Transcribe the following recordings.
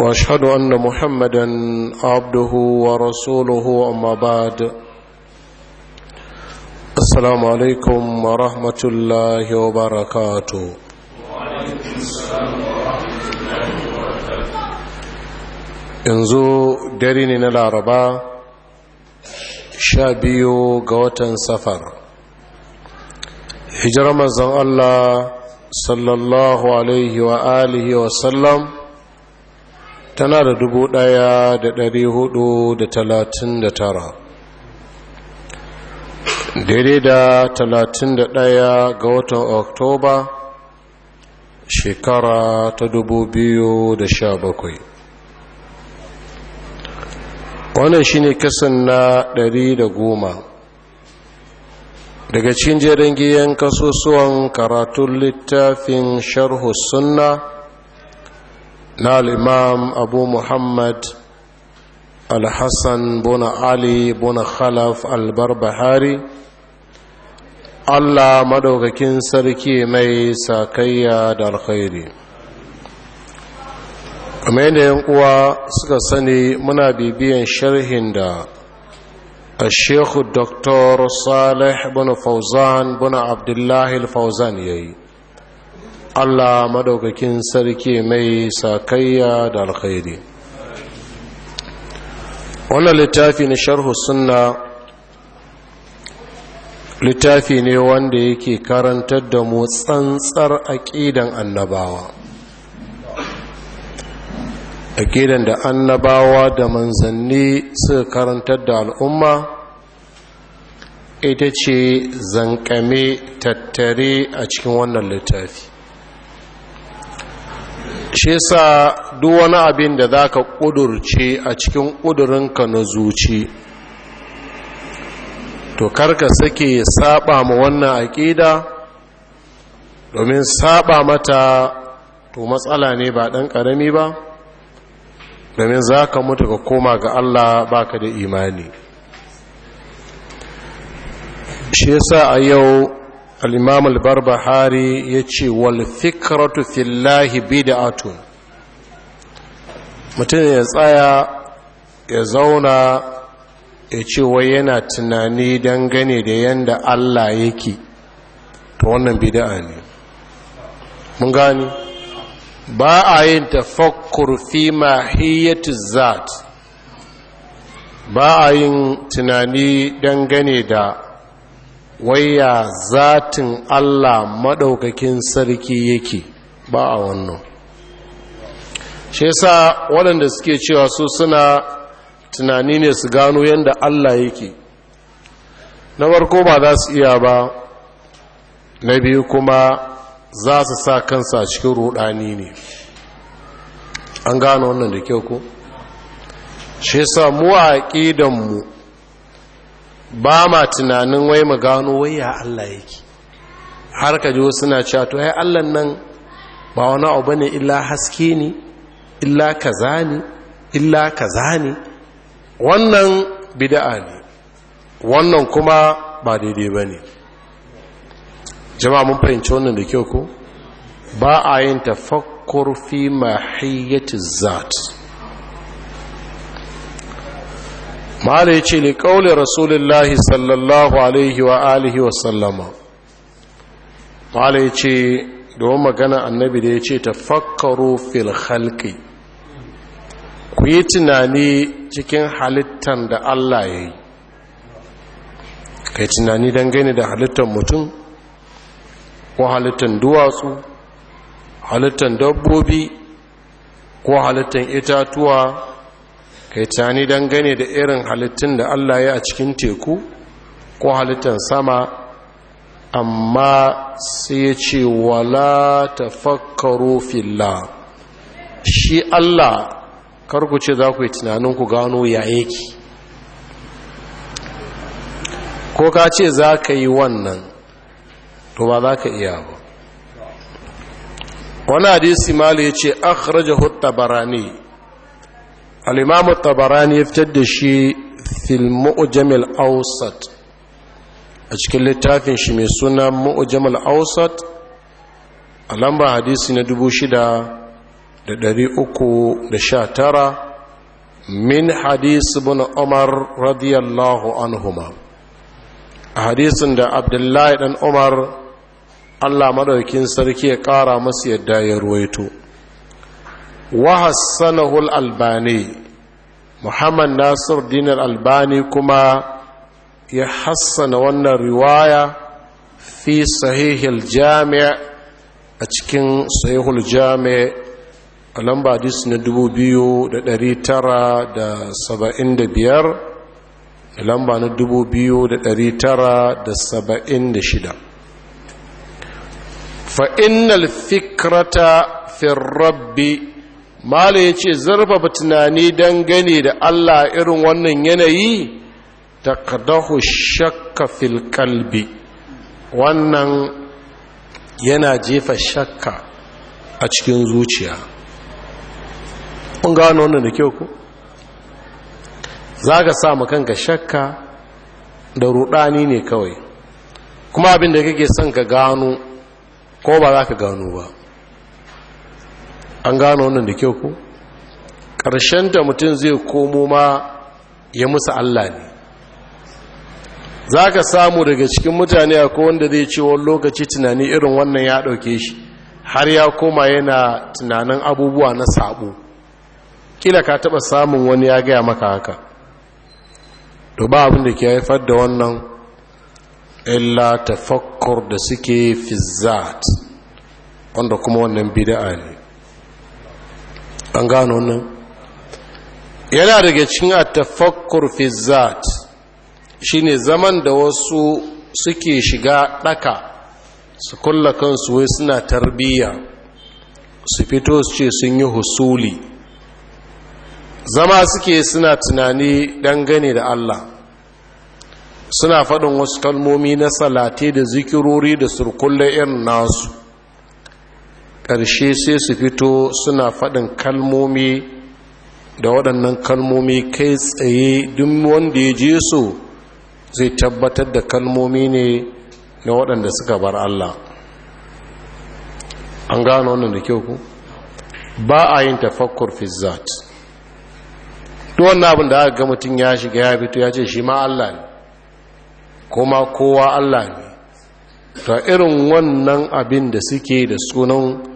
واشهد ان محمدا عبده ورسوله اما بعد السلام عليكم ورحمه الله وبركاته yanzu dare ne na laraba sha biyu ga watan safar hijirar manzon allah sallallahu alaihi wa alihi wa sallam tana da dubu ɗaya da ɗari hudu da talatin da tara daidai da talatin da ɗaya ga watan oktoba shekara ta dubu biyu da sha bakwai wannan shine kasan na ɗari da goma daga cikin jerin giyan kasusuwan karatun littafin sharhu sunna na al'imam abu muhammad al-hassan ali buna khalaf al-barbahari allah maɗaukakin sarki mai sakayya da alkhairi kamar yadda yan uwa suka sani muna bibiyan sharhin da shekhu الدكتور صالح بن fauzan بن عبد الله ya yi. Allah madaukakin sarki mai sakayya da alkhairi wannan littafi ne sharhu sunna littafi ne wanda yake karantar da mu tsantsar aƙidan annabawa ƙidan da annabawa da manzanni suka karantar da al'umma ita ce zankame tattare a cikin wannan littafi shi sa duk wani abin da za ka ƙudurce a cikin ƙudurinka na zuci to karka sake saba ma wannan aƙida domin saba mata to matsala ne ba ɗan ƙarami ba domin za ka mutu ka koma ga Allah baka da imani shi yasa a yau al-imam al-barbahari yace wal fikratu fillahi bid'atun mutum ya tsaya ya zauna ya ce wai yana tunani dangane da yanda Allah yake to wannan bid'a ne mun gani ba a yin tafakkur fi mahiyyati zat ba a yin tunani dangane da waya zatin Allah maɗaukakin sarki yake ba a wannan shi yasa waɗanda suke cewa su suna tunani ne su gano yadda Allah yake na farko ba za su iya ba na biyu kuma za su sa kansa cikin rudani ne an gano wannan da kyau ku? shi yasa mu a ƙidanmu ba ma tunanin wai mu gano wai ya Allah yake har ka jiwo suna cewa to ai Allah nan ba wani abu ne illa haske ne illa kaza ne illa kaza ne wannan bid'a ne wannan kuma ba daidai bane jama'a mun fahimci wannan da kyau ko ba a yin tafakkur fi mahiyyatiz zat mala ya ce liƙauli rasulullahi sallallahu alaihi wa alihi wa sallama mala ce domin magana annabi da ya ce ta fakkaro fil halki ku yi tunani cikin halittar da allah ya yi kai tunani dangane da halittar mutum ko halittar duwatsu halittar dabbobi ko halittar itatuwa kai tani dangane da irin halittun da Allah ya a cikin teku ko halittar sama amma sai ya ce wala tafakkaro filla shi Allah karku ce za ku yi tunanin ku gano ya yake ko ka ce za ka yi wannan to ba za ka iya ba wani hadisi mali ya ce akhrajahu tabarani al'imamu tabarani ya fitar da shi fil jamil ausat a cikin littafin shi mai suna mu'ujamul ausat a lamba hadisi na shida da tara min hadisi bin umar radiyallahu anhuma a hadisin da abdullahi dan umar allah maɗaukin sarki ya ƙara masu yadda ya ruwaito wahassanahul albani muhammad nasir dinar albani kuma ya hassana wannan riwaya fi sahihil jami'a a cikin sahihul jami'a a lamba dis na 2975 da lamba na 2976 fa'inal fikrata fin rabbi malu ya ce zarfafa tunani dangane da allah irin wannan yanayi ta kadahu shakka fil kalbi wannan yana jefa shakka a cikin zuciya ƙunga gano wannan da kyau ku za ka sa kanka shakka da rudani ne kawai kuma abin da kake son ka gano ko ba za ka gano ba an gano wannan da kyau ku. ta mutum zai komo ma ya musu Allah ne za ka samu daga cikin mutane a wanda zai ce wani lokaci tunani irin wannan ya ɗauke shi har ya koma yana tunanin abubuwa na sabo kila ka taɓa samun wani ya gaya maka haka to ba abin da ke haifar da wannan illa tafakkur da suke fizzat wanda kuma wannan bida'a ne an gano wannan yana daga cikin tafakkur fi zat ne zaman da wasu suke shiga ɗaka su kulla kansu wai suna tarbiyya su fito su ce sun yi husuli zama suke suna tunani dangane da Allah suna faɗin wasu kalmomi na salate da zikirori da surkullar irin nasu ƙarshe sai su fito suna faɗin kalmomi da waɗannan kalmomi kai tsaye duk wanda ya je su zai tabbatar da kalmomi ne na waɗanda suka bar Allah an gano wannan da kyau ku ba a yin tafakkur fizzat duk wannan abin da aka ga mutum ya shiga ya fito ya ce shi ma Allah ne kuma kowa Allah ne ta irin wannan abin da suke da sunan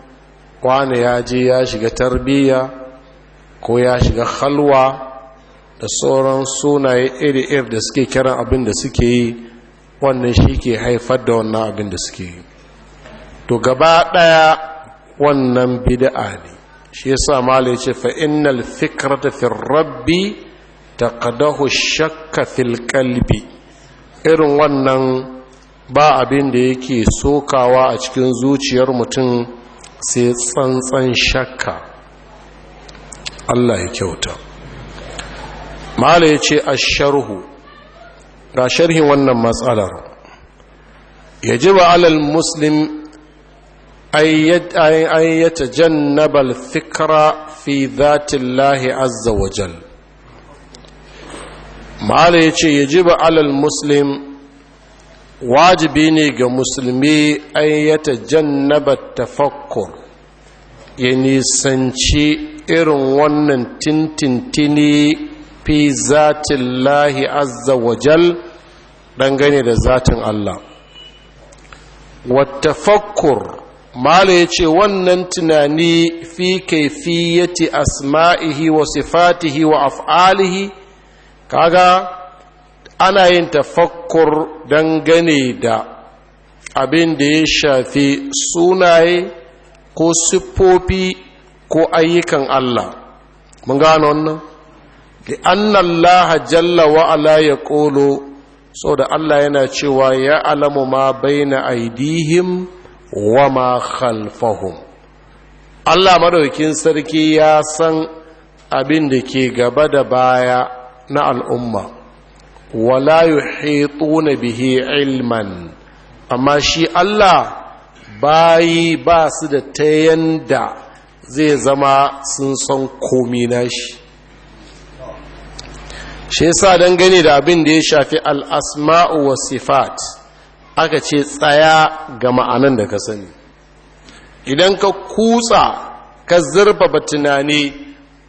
kwana ya je ya shiga tarbiyya ko ya shiga halwa da sauran sunaye iri-iri da suke kiran abin da suke yi wannan shi ke haifar da wannan abin da suke yi to gaba ɗaya wannan bida'a ne shi yasa malai ce fa'inal fikar ta fi rabbi kadahu shakka fil irin wannan ba abin da yake sokawa a cikin zuciyar mutum sai tsantsan shakka Allah ya kyauta mala ya ce a sharhu ga sharhin wannan matsalar ya ji ba alal muslim ayyata jannabal fikra fi zatillahi azza wajal mala ya ce ya ji ba alal muslim wajibi ne ga musulmi an yata jannaba tafakkur ya nisanci irin wannan tintintini fi zatin lahi azza wajal dangane da zatin Allah watafakkur mala ya ce wannan tunani fi kaifiyati asma'ihi wa sifatihi wa af'alihi kaga ana yin tafakkur dangane da abin da ya shafi sunaye ko siffofi ko ayyukan Allah mun gano wannan da annallaha jalla wa'ala ya ƙolo sau da Allah yana cewa ya alamu ma baina aidihim wa ma khalfahum Allah madaukin sarki ya san abin da ke gaba da baya na al'umma wala yuhituna bihi ilman amma shi Allah bayi ba su da ta yanda zai zama sun san komi na shi yasa dangane da abin da ya shafi al'asma'u wa sifat aka ce tsaya ga ma'anan da ka sani idan ka kutsa ka zurfafa tunani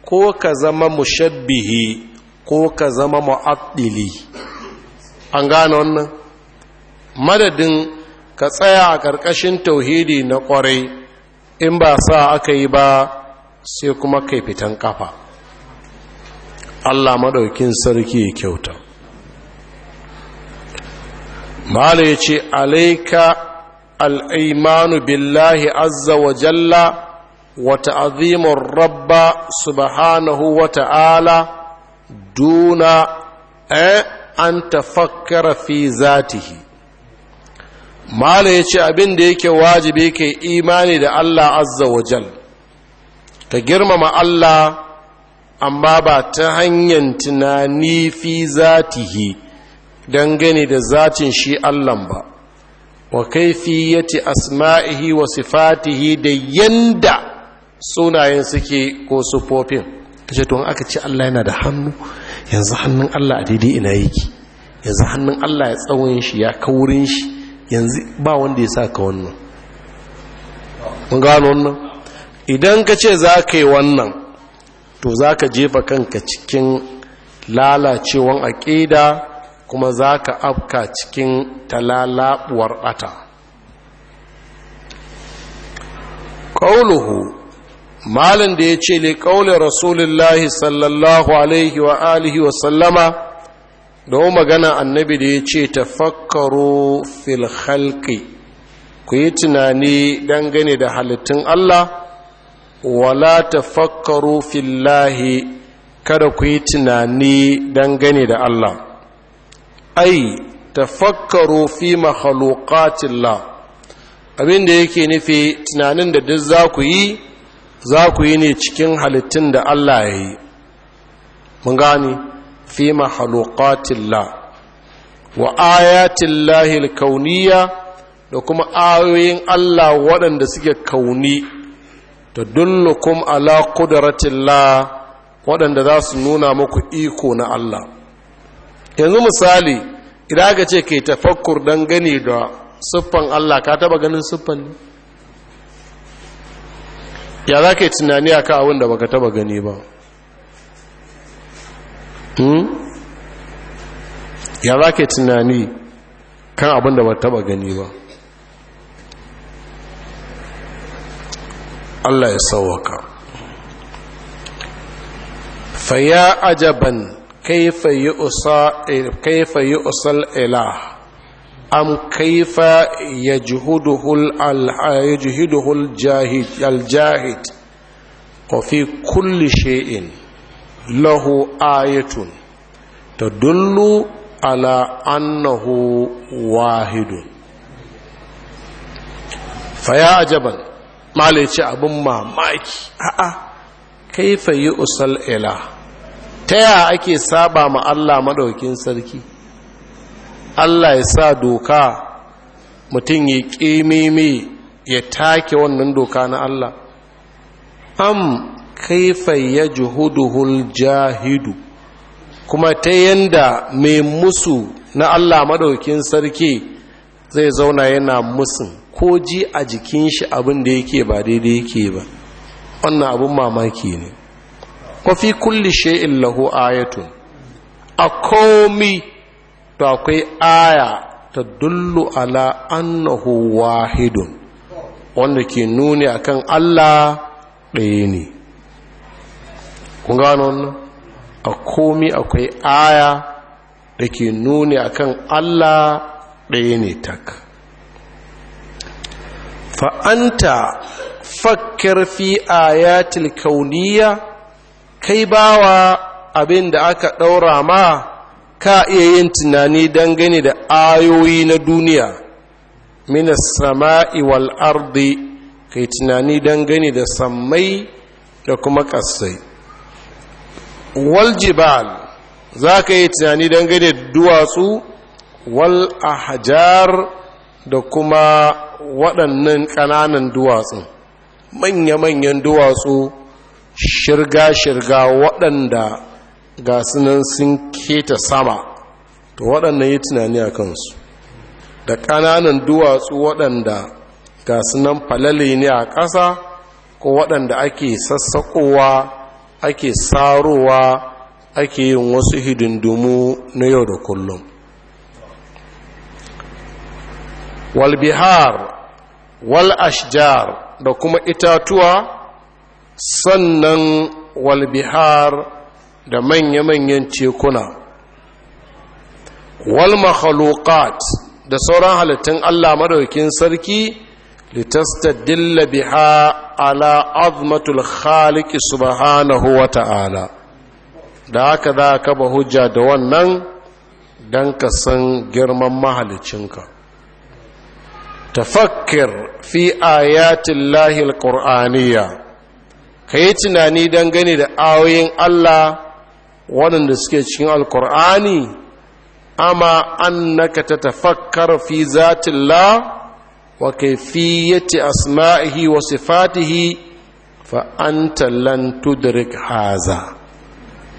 ko ka zama mushabbihi ko ka zama mu'addili an gane wannan madadin ka tsaya a ƙarƙashin tauhidi na ƙwarai in ba sa aka yi ba sai kuma kai fitan ƙafa. Allah maɗaukin sarki ya kyauta Mala ya ce alaika al'imanu billahi azza wa jalla wa ta'azimun rabba subhanahu wa ta'ala duna eh an tafakkara fi zatihi mala ya ce abin da yake wajibi ke imani da Allah azza wa jal ka girmama Allah amma ba ta hanyar tunani fi zatihi dangane da zatin shi Allahn ba wa kaifiyati asma'ihi wa sifatihi da yanda sunayen suke ko sufofin ta ce tun aka ce Allah yana da hannu yanzu hannun Allah a daidai ina yake yanzu hannun Allah ya tsawon shi ya kaurin shi yanzu ba wanda ya sa ka wannan mun gano wannan idan ka ce za ka yi wannan to za ka jefa kanka cikin lalacewan aƙida kuma za ka afka cikin talalabuwar ɓata ƙauluhu malin da ya ce le ƙaunar rasulullahi sallallahu alaihi wa alihi wa sallama da magana annabi da ya ce tafakkaro fil halki ku yi tunani dangane da halittun Allah wala tafakkaru fillahi kada ku yi tunani dangane da Allah ai tafakkaru fi makhluqatillah abin da yake nufi tunanin da duk za ku yi za ku yi ne cikin halittun da Allah ya yi mun gani fi mahalukatillah wa ayatillahi hilkauniya, da kuma ayoyin Allah waɗanda suke kauni da dullukum ala kudaratilla waɗanda za su nuna muku iko na Allah yanzu misali idan aka ce ke tafakkur don gani da siffan Allah ka taba ganin siffan ne ya za ka yi tunani a ka abin da baka taba gani ba hmm? ya za ka yi tunani kan abin da baka taba gani ba Allah ya sauwaka faya ajaban kaifa yi usal ila. am kaifa yajhuduhul al jahid wa fi kulli shay'in lahu ayatun tadullu ala annahu wahidun faya ajaban malice abin mamaki a'a kaifa yi usal ila ta yaya ake saba ma Allah madaukin sarki allah ya sa doka mutum ya ƙememe ya take wannan doka na allah am kaifa ya juhuduhul jahidu kuma ta yanda mai musu na allah maɗaukin sarki zai zauna yana musu ko ji a jikin shi abin da yake ba daidai yake ba wannan abin mamaki ne kwafi kulli shay'in lahu ayatun a komi to akwai aya ta dullu ala annahu wahidun wanda ke nuni akan Allah ɗaya ne kun gano wannan a komi akwai aya da ke nuni akan Allah ɗaya ne tak fa'anta fakkar fi ya kauniya kai bawa abin da aka ɗaura ma ka iya yin tunani dangane da ayoyi na duniya mina sama'i wal ardi kai tunani dangane da sammai da kuma ƙasai wal za ka yi tunani dangane da duwatsu wal ahjar da kuma waɗannan ƙananan duwatsu, manya-manyan duwatsu shirga-shirga waɗanda ga sunan sun keta sama to waɗannan yi tunani a kansu da ƙananan duwatsu waɗanda ga sunan falale ne a ƙasa ko waɗanda ake sassaƙowa ake sarowa ake yin wasu hidindumu na yau da kullum walbihar wal'ashjar da kuma itatuwa sannan walbihar da manya-manyan tekuna wal makhluqat da sauran halittun Allah madaukin sarki litastadilla biha ala azmatul khaliq subhanahu wa ta'ala da haka za ka ba hujja da wannan don ka san girman mahalicinka tafakkir fi ayatin lahil ƙur'aniya ka yi tunani don gani da ayoyin allah waɗanda suke cikin alkur'ani amma annaka tatafakkar fi zatillah wa kayfiyyati asma'ihi wa sifatihi fa anta lan tudrik haza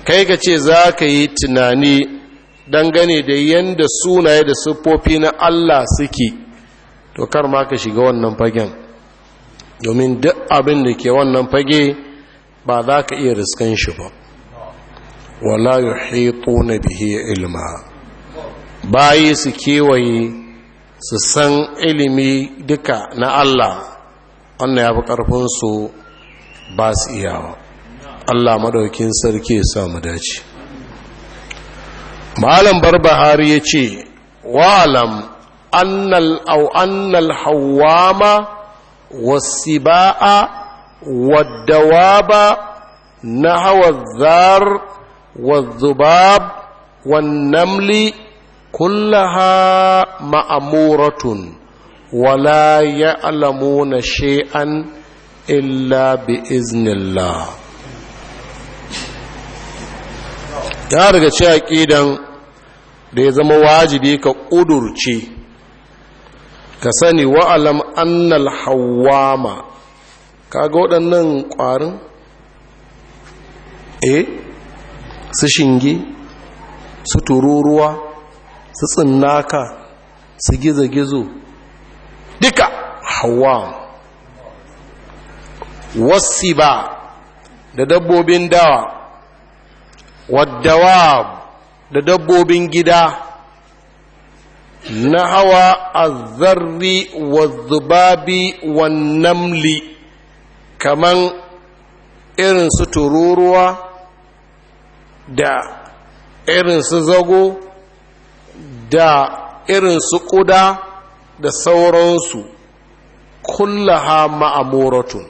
kai ka ce za ka yi tunani dangane da yadda sunaye da siffofi na Allah suke to kar ma ka shiga wannan fagen domin duk abin da ke wannan fage ba za ka iya riskan shi ba wala yuhituna bihi ilma bayi su kewaye su san ilimi duka na Allah wannan ya fi ƙarfin su ba su iyawa Allah madaukin sarki ya samu dace malam barbahari ya ce wa'alam annal au annal hawama wasiba'a waddawaba na hawa zar والذباب والنمل كلها مأمورة ولا يعلمون شيئا إلا بإذن الله ya daga ce aƙidan da ya zama wajibi ka ƙudurce ka sani wa'alam annal hawama ka ga waɗannan ƙwarin? eh su shinge su tururuwa su tsinnaka su gizo-gizo duka hawa wasi ba da dabbobin dawa waddawa da dabbobin gida na hawa a zarri wa zubabi wa namli kaman irin su tururuwa da irin su zago da irin su ƙuda da sauransu kullaha ma'amuratun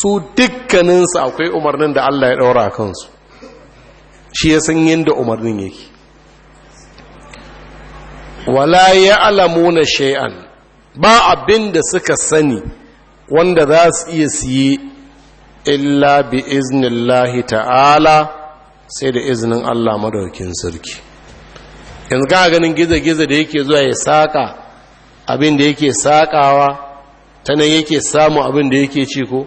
su dukkaninsu akwai umarnin da Allah ya ɗaura kansu shi ya san yadda umarnin yake wala ya na shay'an ba abin da suka sani wanda za su iya siye illa bi iznillahi ta'ala sai da izinin Allah madaukin sarki yanzu ka ganin gizo-gizo da yake zuwa ya saka abin da yake sakawa ta nan yake samu abin da yake ci ko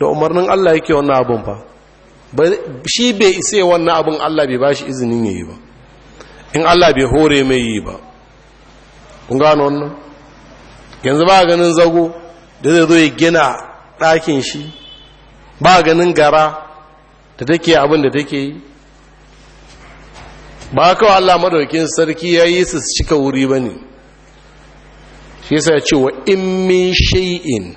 da umarnin Allah yake wannan abin fa shi bai isa wannan abin Allah bai bashi izinin yayi ba in Allah bai hore mai yi ba kun gano wannan yanzu ba ganin zago da zai zo ya gina ɗakin shi ba ganin gara da take abin da take yi ba kawai Allah madaukin sarki ya yi su cika wuri ba ne shi yasa ya ce wa in min shay'in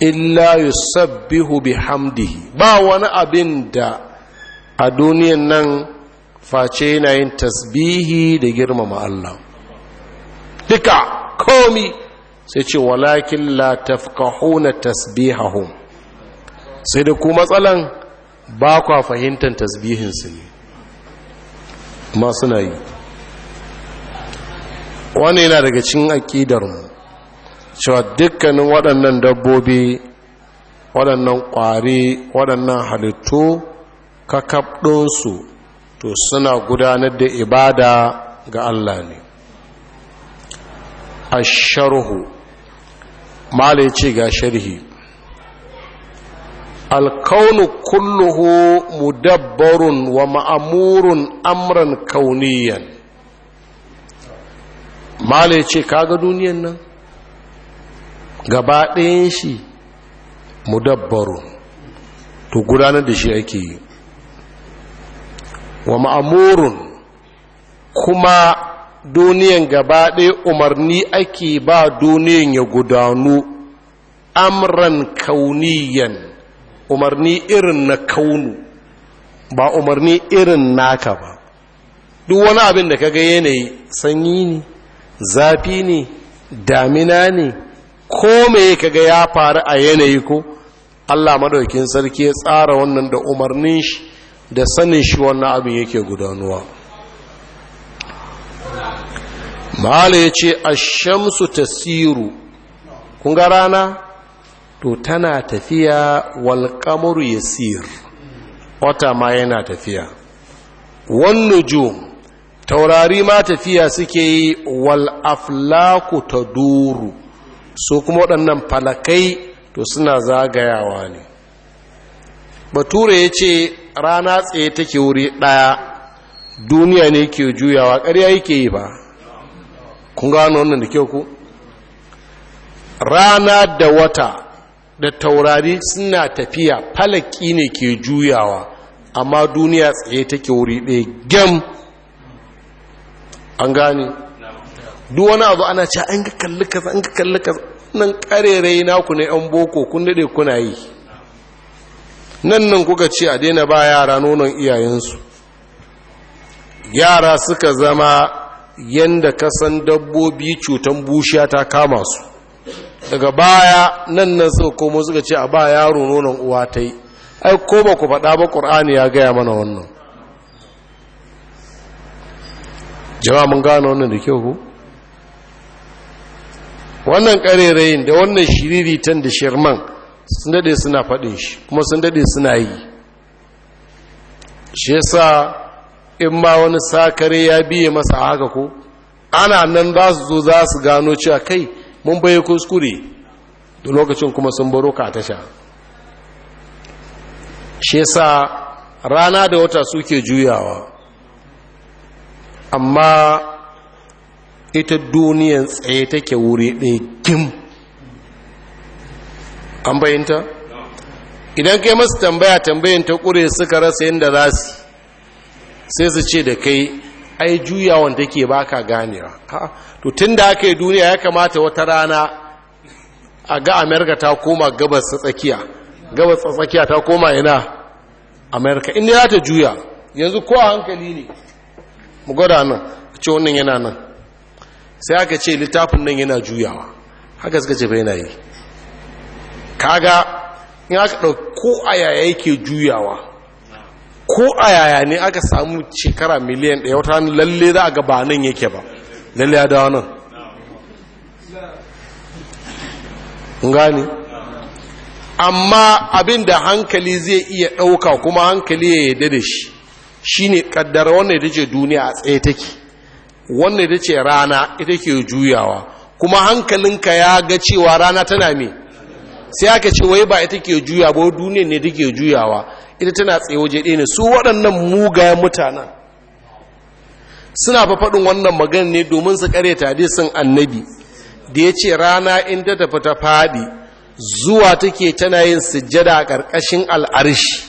illa yusabbihu hamdihi ba wani abin da a duniyan nan face yana yin tasbihi da girmama Allah duka komi sai ce walakin la tafqahuna tasbihahum sai da ku matsalan ba kwa fahimtar tasbihinsu ne ma suna yi wani yana daga cin aƙidarmu cewa dukkanin waɗannan dabbobi waɗannan ƙwari waɗannan halittu kakabɗinsu to suna gudanar da ibada ga Allah ne a sharhu ma ce ga sharhi alkaunu kulluhu mudabbarun wa ma'amurun amran kauniyan mala ce kaga duniyan nan gaba ɗayan shi mudabbarun to gudanar da shi ake yi wa ma'amurun kuma duniyan gaba ɗaya umarni ake ba duniyan ya gudanu amran kauniyan umarni irin na kaunu ba umarni irin naka ba duk wani abin da kaga yanayi sanyi ne zafi ne damina ne ko mai kaga ya faru a yanayi ko Allah madaukin sarki ya tsara wannan da umarnin shi da sanin shi wannan abin yake gudanuwa ma'ala ya ce a shamsu tasiru kun ga rana to tana tafiya walƙamuru yasir wata ma yana tafiya wannujum taurari ma tafiya suke yi wal aflaku ta duru su kuma waɗannan falakai to suna zagayawa ne bature ya ce rana tsaye take wuri ɗaya duniya ne ke juyawa ƙarya yake yi ba kun gano wannan da kyau ku rana da wata da taurari suna tafiya falaki ne ke juyawa amma duniya tsaye take wuri ɗaya gem an gane duk wani abu ana ce an ga kalli an ga kalli kaza nan karerai naku na yan boko kun daɗe kuna yi nan nan kuka ce a daina ba yara nonon iyayensu yara suka zama yanda kasan dabbobi cutan bushiya ta kama su daga baya nan nan su komo suka ce a ba yaro nonon uwa ta yi ai ko ba ku faɗa ba ƙur'ani ya gaya mana wannan jama'a mun gano wannan da kyau ku wannan ƙarerayin da wannan shiriritan da shirman sun daɗe suna faɗin shi kuma sun daɗe suna yi shi yasa in ma wani sakare ya biye masa haka ko ana nan za su zo za su gano cewa kai mun baye kuskure da lokacin kuma sun baro ka tasha shi yasa rana da wata suke juyawa amma ita duniyan tsaye take wuri ɗaya gim an bayinta idan kai masu tambaya tambayin ta ƙure suka rasa yadda za su sai su ce da kai ai juya wanda ke baka ganewa to da aka yi duniya ya kamata wata rana a ga amerika ta koma gabas tsakiya gabas ta tsakiya ta koma yana amerika inda ya ta juya yanzu ko a hankali ne mu gwada nan a ce wannan yana nan sai aka ce littafin nan yana juyawa haka suka ce bai na yi kaga in aka ko a yaya yake juyawa ko a yaya ne aka samu shekara miliyan ɗaya wata lalle za a ga ba nan yake ba lalle ya dawo nan gani amma abin da hankali zai iya ɗauka kuma hankali ya yadda da shi shi ne ƙaddara wannan ita ce duniya a tsaye take wannan ita ce rana ita ke juyawa kuma hankalinka ya ga cewa rana tana me sai aka ce wai ba ita ke juya ba duniya ne take juyawa ita tana tsaye ɗaya ne su waɗannan muga mutanen suna fa faɗin wannan magana ne domin su ƙareta hadisin annabi da ya ce rana inda ta tafi faɗi zuwa take tana yin sujjada a ƙarƙashin al'arshi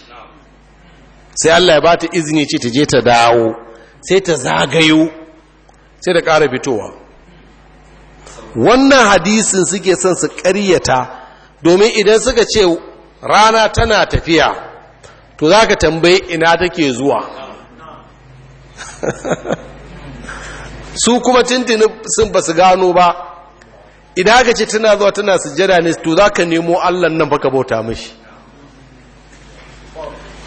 sai Allah ya ba ta izini ce ta je ta dawo sai ta zagayo sai ta ƙara fitowa wannan hadisin suke son su ƙaryata domin idan suka ce rana tana tafiya to za ka tambaye ina take zuwa su kuma tintini sun ba su gano ba idan ka ce tana zuwa tana sujjada ne to za ka nemo allan nan baka bauta mashi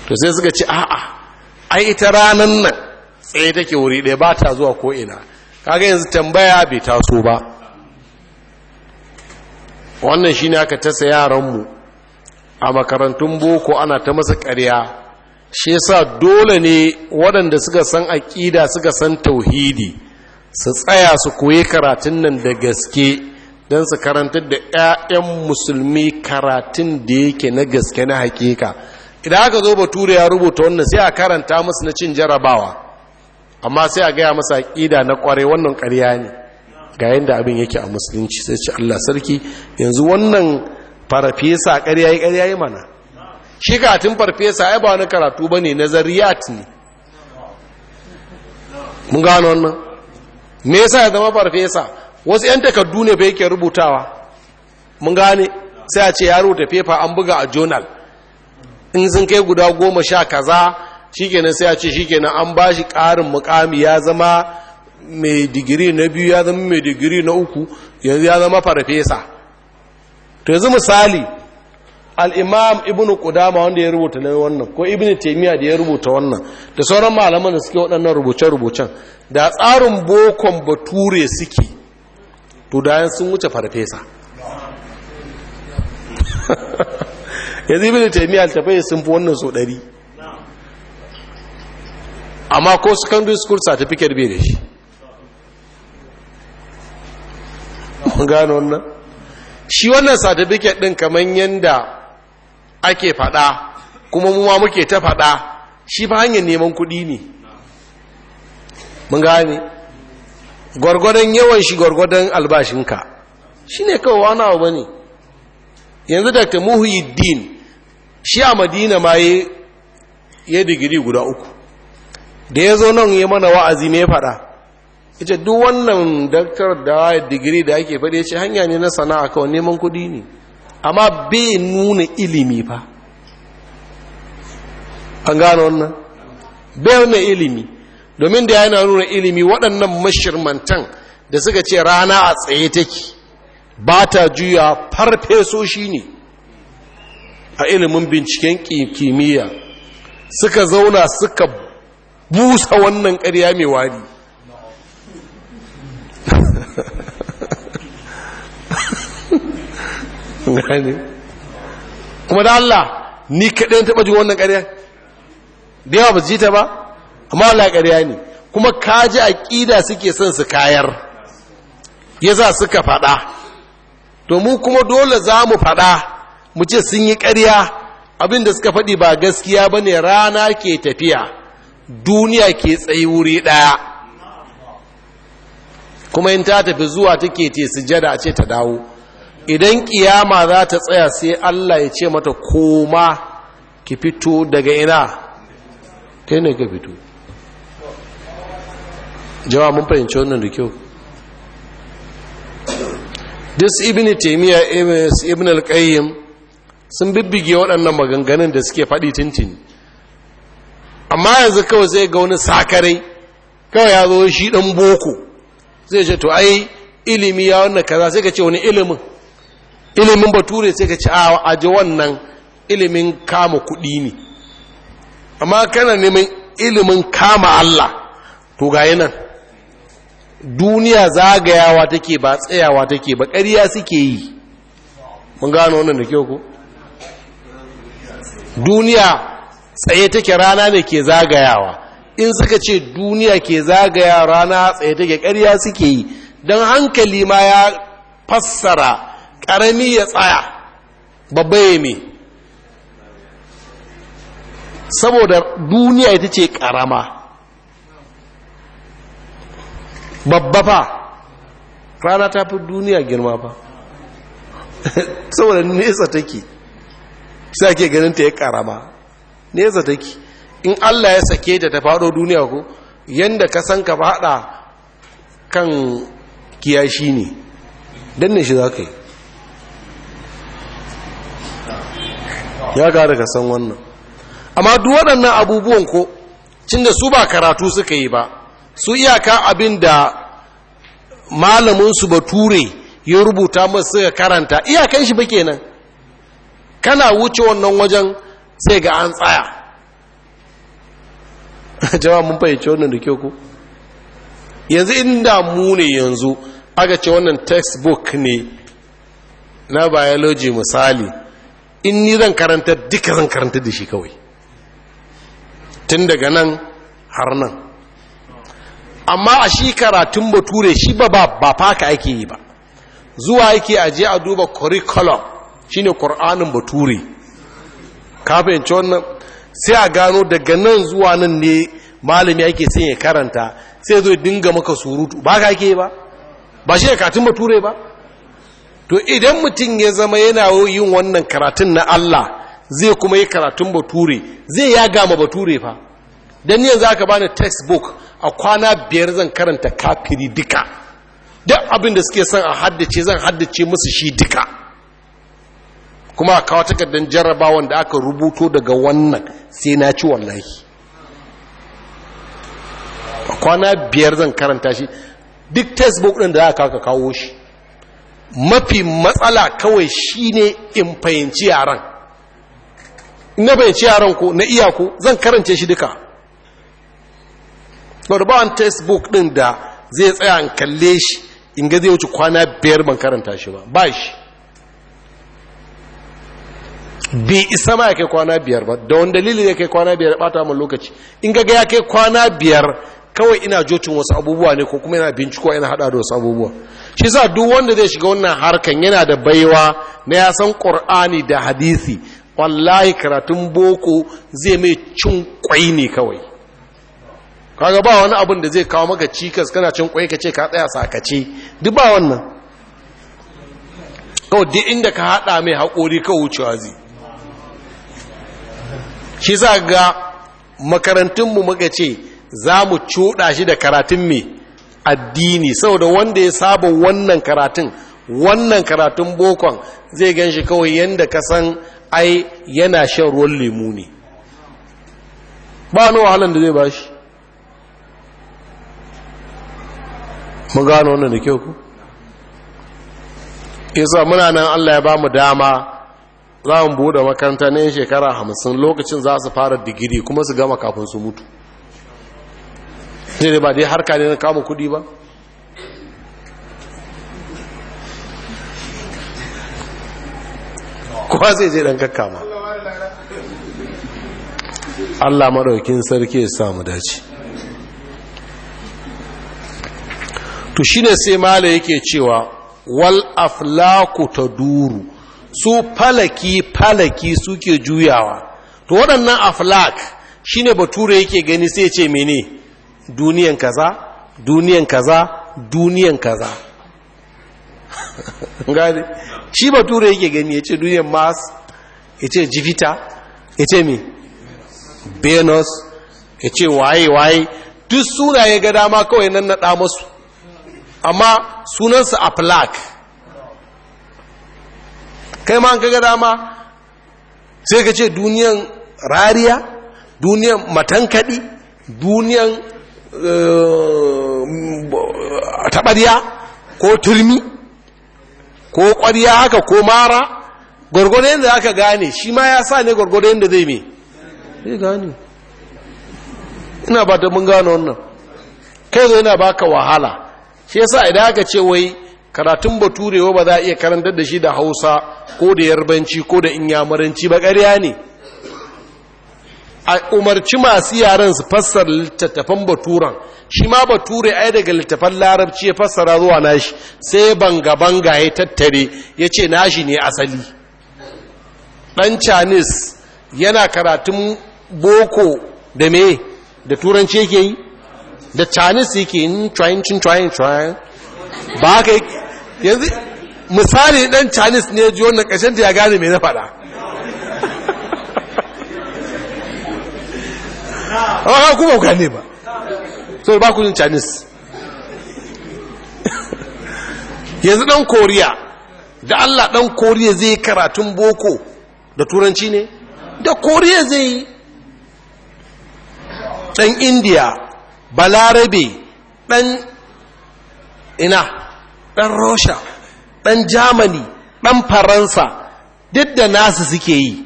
to sai suka ce a'a ai ita ranan nan tsaye take wuri ɗaya ba ta zuwa ko ina kaga yanzu tambaya bai taso ba wannan shi ne aka tasa yaranmu a makarantun boko ana ta masa ƙarya shi yasa dole ne waɗanda suka san aƙida suka san tauhidi su tsaya su koyi karatun nan da gaske don su karantar da 'ya'yan musulmi karatun da yake na gaske na hakika idan aka zo bature ya rubuta wannan sai a karanta musu na cin jarabawa amma sai a gaya masa aƙida na ƙware wannan ƙarya ne ga yadda abin yake a musulunci sai ce allah sarki yanzu wannan farfesa ƙarya yi ƙarya yi mana shi katin farfesa ai ba wani karatu ba ne nazariyat ne mun gano wannan me yasa ya zama farfesa wasu 'yan takardu ne bai ke rubutawa mun gane sai a ce ya rubuta fefa an buga a jonal in sun kai guda goma sha kaza shikenan sai a ce shikenan an ba shi ƙarin mukami ya zama mai digiri na biyu ya zama mai digiri na uku yanzu ya zama farfesa to yanzu misali al'imam ibn kudama wanda ya rubuta na wannan ko ibn taimiyya da ya rubuta wannan da sauran malaman da suke waɗannan rubuce-rubucen da tsarin bokon bature suke to dayan sun wuce farfesa yanzu ibn taimiyya sun fi wannan so ɗari amma ko secondary school certificate bai da shi gano wannan shi wannan certificate ɗin kaman yadda ake faɗa kuma ma muke ta faɗa shi ba hanyar neman kuɗi ne mun gane gwargwadon yawan shi gwargwadon albashinka shi ne kawai wani abu ba ne yanzu dr muhyiddin shi a madina ma ya digiri guda uku da ya zo nan ya mana wa'azi mai faɗa ita duk wannan daktar da digiri da ake faɗi ce hanya ne na sana'a kawai neman kuɗi ne amma bai nuna ilimi ba an gano wannan bai nuna ilimi domin da yana nuna ilimi waɗannan mashirmantan da suka ce rana a tsaye take ba ta juya farfeso shi ne a ilimin binciken kimiyya suka zauna suka busa wannan ƙarya mai wari gani kuma da Allah ni kaɗai taɓa jin wannan ƙarya da yawa ba ji ta ba amma Allah ƙarya ne kuma kaji ƙida suke son su kayar ya za suka faɗa domin kuma dole za mu faɗa mu ce sun yi ƙarya abinda suka faɗi ba gaskiya ba ne rana ke tafiya duniya ke tsayi wuri ɗaya kuma in ta tafi zuwa take te sujada a ce ta dawo idan kiyama za ta tsaya sai Allah ya ce mata koma ki fito daga ina ta ne ka fito jawa mun fahimci wannan da kyau dis ibn taymiya ibn al sun bibbige waɗannan maganganun da suke faɗi tintin amma yanzu kawai sai ga wani sakarai kawai ya zo shi ɗan boko zai ce to ai ilimi ya wannan kaza sai ka ce wani ilimin ilimin bature sai ka ce a wannan ilimin kama kuɗi ne amma kana neman ilimin kama Allah to ga nan duniya zagayawa take ba tsayawa take ba ƙarya suke yi mun gano wannan da kyau ko duniya tsaye take rana ne ke zagayawa in suka ce duniya ke zagaya rana tsaye take ƙarya suke yi don hankali ma ya fassara ƙarami ya tsaya babba ya me saboda duniya ita ce ƙarama babba fa rana ta fi duniya girma fa saboda nesa take sai ake ganin ta ya ƙarama nesa take in Allah ya sake ta ta faɗo duniya ko yanda ka san ka faɗa kan kiyashi ne Don ne shi za ka yi ya gada ka san wannan amma duk waɗannan abubuwan ko cin da su ba karatu suka yi ba su iyaka abin da malaminsu ba ture ya rubuta masu suka karanta iyakan shi ba kenan kana wuce wannan wajen sai ga an tsaya jama'a mun fahimci wannan da kyau ko yanzu inda mu ne yanzu aka ce wannan textbook ne na biology misali in ni zan karanta duka zan karanta da shi kawai tun daga nan har nan amma a shi karatun bature shi ba ba faka ake yi ba zuwa yake aje a duba curriculum shine kur'anin bature ka fahimci wannan sai a gano daga nan zuwa nan ne malami ake son ya karanta sai zo dinga maka surutu ba ka ke ba ba shi ya katin bature ba to idan mutum ya zama yana yin wannan karatun na Allah zai kuma yi karatun bature zai ya gama bature fa dan yanzu aka bani textbook a kwana biyar zan karanta kafiri duka duk abin da suke son a haddace zan haddace musu shi duka kuma a kawo takardar jarrabawan da aka rubuto daga wannan sai na ci wallahi kwana biyar zan karanta shi duk textbook ɗin da aka kawo shi mafi matsala kawai shine in fahimci yaran na fahimci yaran ko na iya ko zan karance shi duka barbawan textbook ɗin da zai tsaya in kalle shi in ga zai wuce kwana biyar ban karanta shi ba ba shi bai isa ma ya kai kwana biyar ba da wani dalili ya kai kwana biyar ba ta lokaci in ga ya kai kwana biyar kawai ina jocin wasu abubuwa ne ko kuma yana binciko yana hada da wasu abubuwa shi sa duk wanda zai shiga wannan harkan yana da baiwa na ya san da hadisi wallahi karatun boko zai mai cin kwai ne kawai kaga ba wani abin da zai kawo maka cikas kana cin kwai ka ce, ka tsaya sakace duk ba wannan kawai duk inda ka hada mai haƙori ka wucewa zai shi za ga makarantunmu muka ce za mu cuɗa shi da karatun mai addini saboda wanda ya saba wannan karatun wannan karatun bokon zai gan shi kawai yadda ka san ai yana shan ruwan lemu ne ba na wahalar da zai ba shi mun gano wannan da kyau ku isa muna nan allah ya ba mu dama za mu bude makaranta na yin shekara hamsin lokacin za su fara digiri kuma su gama kafin su mutu ne ba dai harka ne na kama kudi ba Kuma zai zai dan kakama. allah maraukin sarki ya samu dace to shine sai mala yake cewa wal aflaku ta duru su falaki falaki suke juyawa to waɗannan aflak shine bature yake gani sai ce mene duniyan kaza duniyan kaza duniyan kaza gani shi bature yake gani ya ce duniyan mars ya ce jifita ya ce mi venus ya ce waye-waye duk suna ya ga dama kawai nan naɗa masu amma sunansa a plaque kai ma an kaga dama sai ka ce duniyan rariya duniyan matankaɗi duniyan eh, taɓarya ko turmi ko ƙwariya haka ko mara gwargwado yadda aka gane shi ma ya sa ne gwargwado yadda zai me zai gane ina ba ta mun gane wannan kai zai yana baka wahala shi yasa idan aka ce wai karatun baturewa ba za a iya karantar da shi da hausa ko da yarbanci ko da inyamuranci ba ƙarya ne a umarci masu yaren su fassara littattafan baturan shi ma bature ai daga littattafan larabci ya fassara zuwa nashi sai banga-banga ya tattare ya ce nashi ne asali ɗan canis yana karatun boko da me da turanci yake yi da canis yake yin ba haka yanzu misali dan chinese ne ji wannan kashin ta ya gane mai na faɗa haka kuma ku gane ba so ba ku jin chinese yanzu dan koriya da allah dan koriya zai karatun boko da turanci ne da koriya zai yi dan indiya balarabe dan ina ɗan rosha ɗan Jamani, ɗan faransa duk da nasu suke yi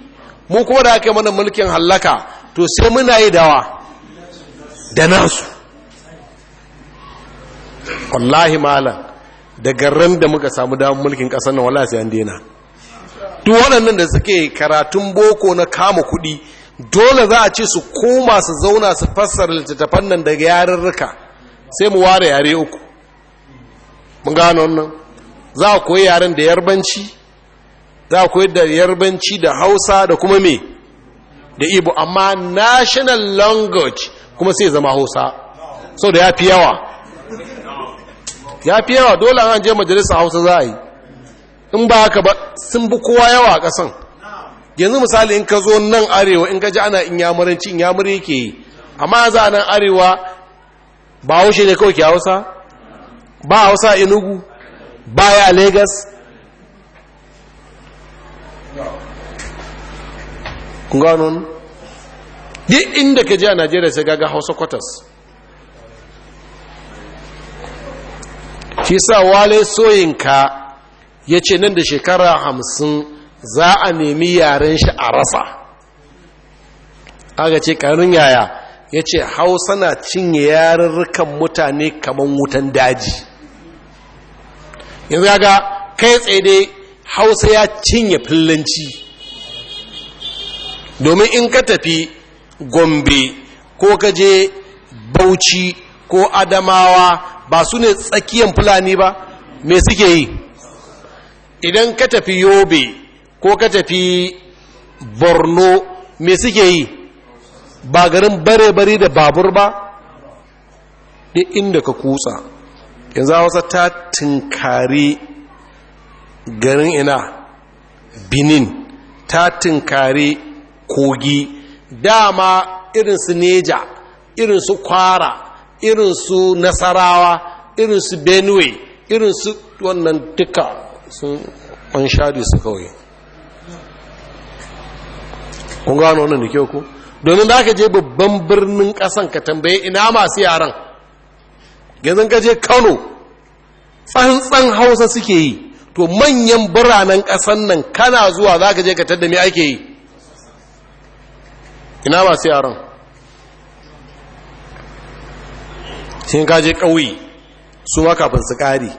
mu kuma da aka mana mulkin hallaka to sai muna yi dawa da nasu wallahi malam da garin da muka samu damar mulkin ƙasar na wala sai an daina duk waɗannan da suke karatun boko na kama kuɗi dole za a ce su koma su zauna su fassara littattafan nan daga yarurruka sai mu ware yare uku mun gano wannan za a koyi yaren da yarbanci za a koyi da yarbanci da hausa da kuma me da ibo amma national language kuma sai zama hausa so da ya fi yawa ya fi yawa dole an je majalisar hausa za a yi in ba haka ba sun bi kowa yawa a ƙasan yanzu misali in ka zo nan arewa in gaji ana in inyamuri ke yi amma za a nan arewa ba haushe ne kawai ke hausa ba hausa inugu ba ya lagos ganon duk inda ka ji a najeriya sai gaga hausa kwatas kisa sa wale soyinka ya ce nan da shekara hamsin za a nemi yaren shi a rasa Aga ce kanun yaya ya ce hausa na cinye yarurrukan mutane kamar wutan daji yanzu kaga kai tsaye dai hausa ya cinye fillanci domin in ka tafi gombe ko ka je bauchi ko adamawa ba su ne tsakiyan fulani ba me suke yi idan ka tafi yobe ko ka tafi borno me suke yi ba garin bare-bare da babur ba duk inda ka kutsa. yanzu hausa ta tinkari garin ina benin ta tinkari kogi dama irinsu neja irinsu kwara irinsu nasarawa irinsu benue irinsu wannan duka sun shaɗi su kawai kun gano wannan da kyau ku domin da aka je babban birnin ƙasan ka tambaye ina masu yaran yanzu ka kano tsantsan hausa suke yi to manyan biranen ƙasan nan kana zuwa za ka je ka tattami ake yi ina masu yaran Shin ka je ƙauye su ma kafin su ƙari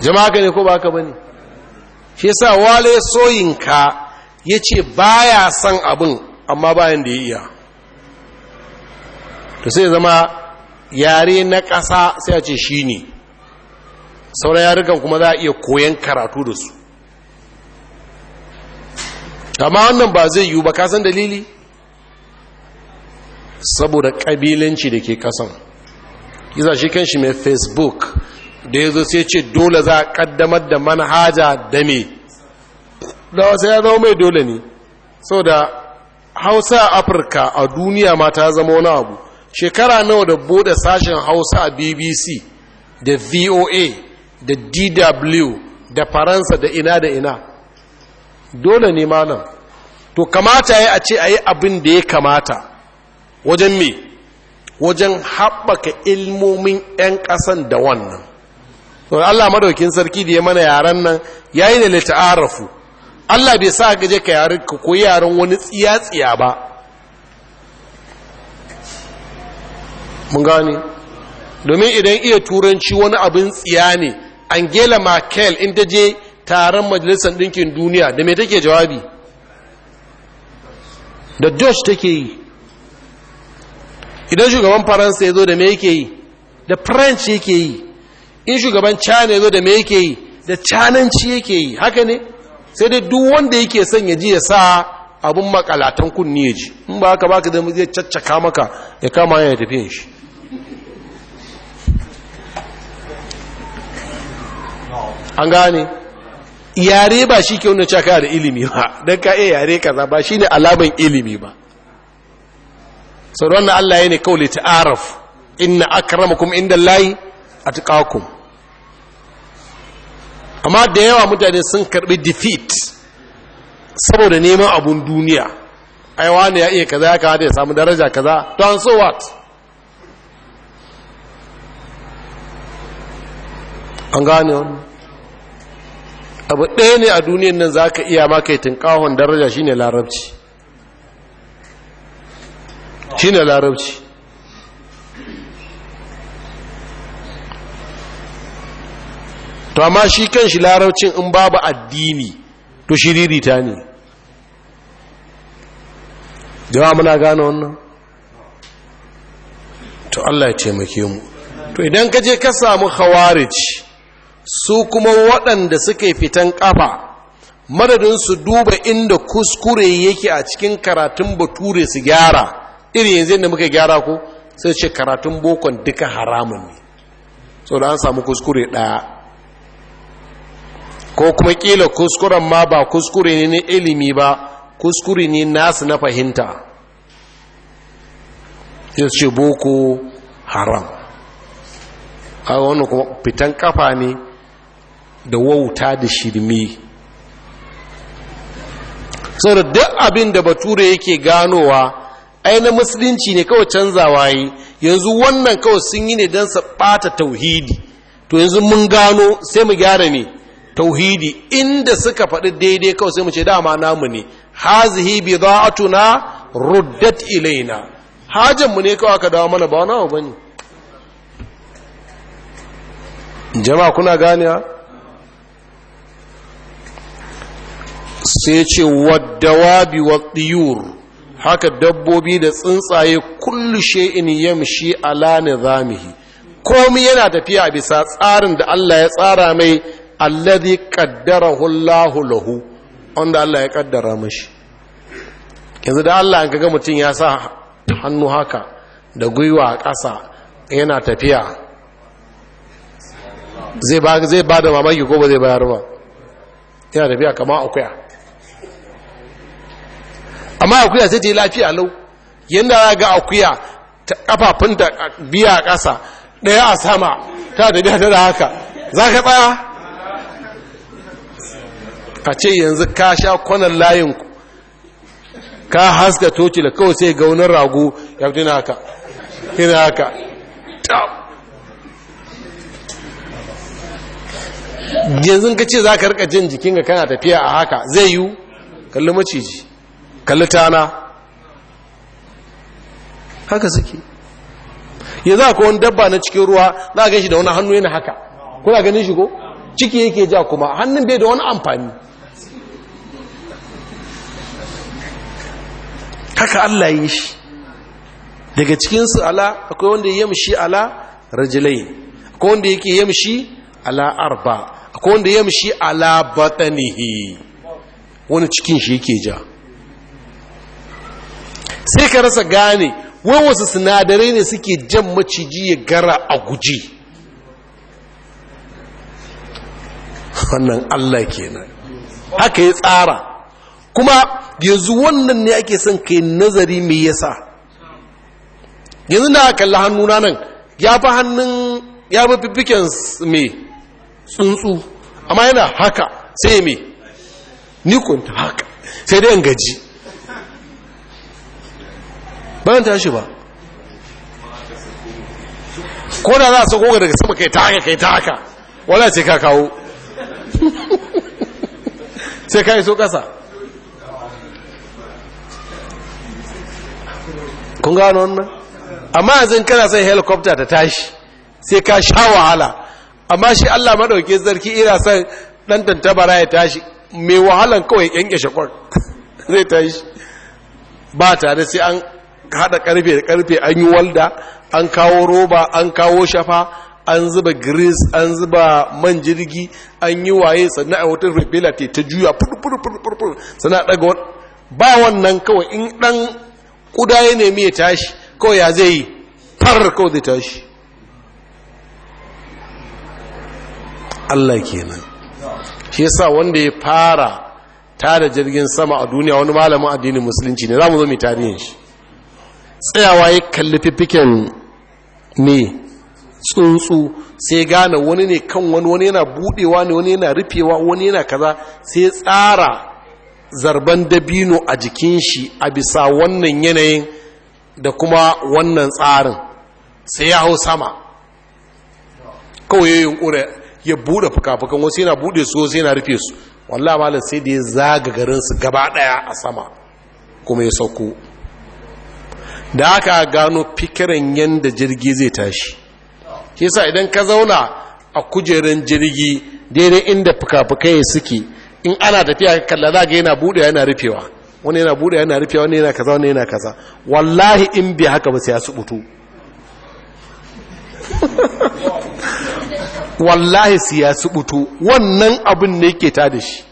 jama'a ka ne ko ba ka ba ne shi sa wale soyinka ya ce ba ya son abin amma bayan da ya iya to sai zama yare na ƙasa sai a ce shi ne sauran yarukan kuma za a iya koyan karatu da su amma wannan ba zai yiwu ba kasan dalili saboda ƙabilanci da ke ƙasan iza shi kan shi mai facebook da ya zo sai ce dole za a ƙaddamar da manhaja da da wasu ya zama mai dole ne da hausa afirka a duniya ma ta zama wani abu shekara nawa da bude sashen hausa a bbc da voa da dw da faransa da ina da ina dole ne malam to kamata ya a ce a yi abin da ya kamata wajen me wajen haɓaka ilmomin 'yan ƙasan da wannan Allah madaukin sarki da ya mana yaren nan yayi da lita'arafu Allah bai sa gaje ka yare ka koyi yaren wani tsiya-tsiya ba mun gane domin idan iya turanci wani abin tsiya ne angela merkel in ta je taron majalisar Dinkin duniya da me take jawabi da josh take yi idan shugaban faransa ya zo da me yake yi da french yake yi in shugaban china ya zo da me yake yi da cananci yake yi haka ne sai dai duk wanda yake son ya ji ya sa abin makalatan kunni ya ji in ba haka ba ka zai caccaka maka ya kama ya tafiye shi an gane yare ba shi ke wani caka da ilimi ba don ka iya yare kaza ba shi ne alamun ilimi ba sauran na Allah ya ne kawai ta'araf inna kuma inda layi a tuƙakum amma da yawa mutane sun karɓi defeat saboda neman abun duniya aiwa ne ya iya kaza ya kawo ya samu daraja kaza don so what an gane wani abu ɗaya ne a duniyan nan za ka iya maka yi tunkahon daraja shi ne larabci shi ne larabci to amma shi kan shi larabcin in babu addini to shiririta ne jama'a muna gane wannan to Allah ya ce mu to idan ka je ka samu khawarij su kuma waɗanda suke fitan ƙafa madadin su duba inda kuskure yake a cikin karatun bature su gyara irin yanzu yadda muka gyara ko sai ce karatun bokon duka haramun ne so da an samu kuskure ɗaya ko kuma ƙila kuskuren ma ba kuskure ne na ilimi ba kuskure ne nasu na fahimta sai ce boko haram a wani kuma fitan kafa ne da wauta da shirme saboda duk abin da bature yake ganowa ai na musulunci ne kawai canzawa yi yanzu wannan kawai sun yi ne don su ɓata tauhidi to yanzu mun gano sai mu gyara ne tauhidi inda suka faɗi daidai kawai sai mu ce dama namu ne hazihi bi tuna ruddat ilaina hajan mu ne kawai aka dawo mana ba wani abu bane jama'a kuna ganewa sai ce waddawabi wa tiyur haka dabbobi da tsuntsaye kullu in yamshi ala nizamihi komai yana tafiya bisa tsarin da Allah ya tsara mai alladhi qaddarahu Allahu lahu wanda Allah ya kaddara mashi yanzu da Allah ga mutum ya sa hannu haka da gwiwa a ƙasa yana tafiya zai ba da mamaki ko ba zai bayar ba yana tafiya kama akuya amma akuya sai ta yi lafiya lau yadda za ga akuya ta kafafun da biya a ƙasa ɗaya a sama ta da biya ta da haka za ka tsaya ka ce yanzu ka sha kwanan layinku ka haska toci da kawai sai gaunar rago ya fi haka dina haka yanzu ka ce za ka rika jin jikinka kana tafiya a haka zai yiwu kalli maciji kalli tana haka suke za akwai wani dabba na cikin ruwa za a gan shi da wani hannu yana haka kuna ganin shi ko ciki yake ja kuma hannun bai da wani amfani haka Allah yi shi daga cikinsu ala akwai wanda ya mushi ala rajilai akwai wanda yake ya mushi ala arba akwai wanda ya mushi ala batanihi wani cikin shi yake ja sai ka rasa gane wai wasu sinadarai ne suke jan maciji ya gara a guji wannan allah kenan haka ya tsara kuma yanzu wannan ne ake son kai nazari mai yasa yanzu na kalli hannuna nan ya fi hannun ya fi mai tsuntsu amma yana haka sai mai nikon haka sai dai gaji ba shi ba ko da za a sako daga sama kai ta haka kai ta haka wala sai ka kawo sai ka iso kasa kun gano wannan amma yanzu kana sai helicopter ta tashi sai ka sha wahala amma shi Allah maɗauki zarki ina san dan tantabara ya tashi mai wahalan kawai yanke shakwar zai tashi ba tare sai an haɗa karfe da karfe an yi walda an kawo roba an kawo shafa an zuba grease an zuba man jirgi an yi waye sannan a wata rubela te ta juya furfurfurfur sannan daga wani ba wannan kawai in dan kuda ya nemi ya tashi kawai ya zai yi far kawai zai tashi Allah kenan shi yasa wanda ya fara tada jirgin sama a duniya wani malamin addinin musulunci ne za mu zo mai tarihin shi tsayawa ya kalli fifiken ne tsuntsu sai gane wani ne kan wani wani yana budewa ne wani yana rufewa wani yana kaza sai tsara zarban dabino a jikin shi a bisa wannan yanayin da kuma wannan tsarin sai ya hau sama kawai ya ya bude fuka-fukan wasu yana bude su wasu yana rufe su wallah malam sai da ya zaga garinsu gaba daya a sama kuma ya sauko da aka gano fikiran yadda jirgi zai tashi shi sa idan ka zauna a kujerar jirgi daidai inda fuka-fukai suke in ana tafiya kalla za ga yana buɗe yana rufewa wani yana buɗe yana rufewa wani yana kaza wani yana kaza wallahi in bi haka ba sai ya subutu wallahi sai ya subutu wannan abin ne yake ta da shi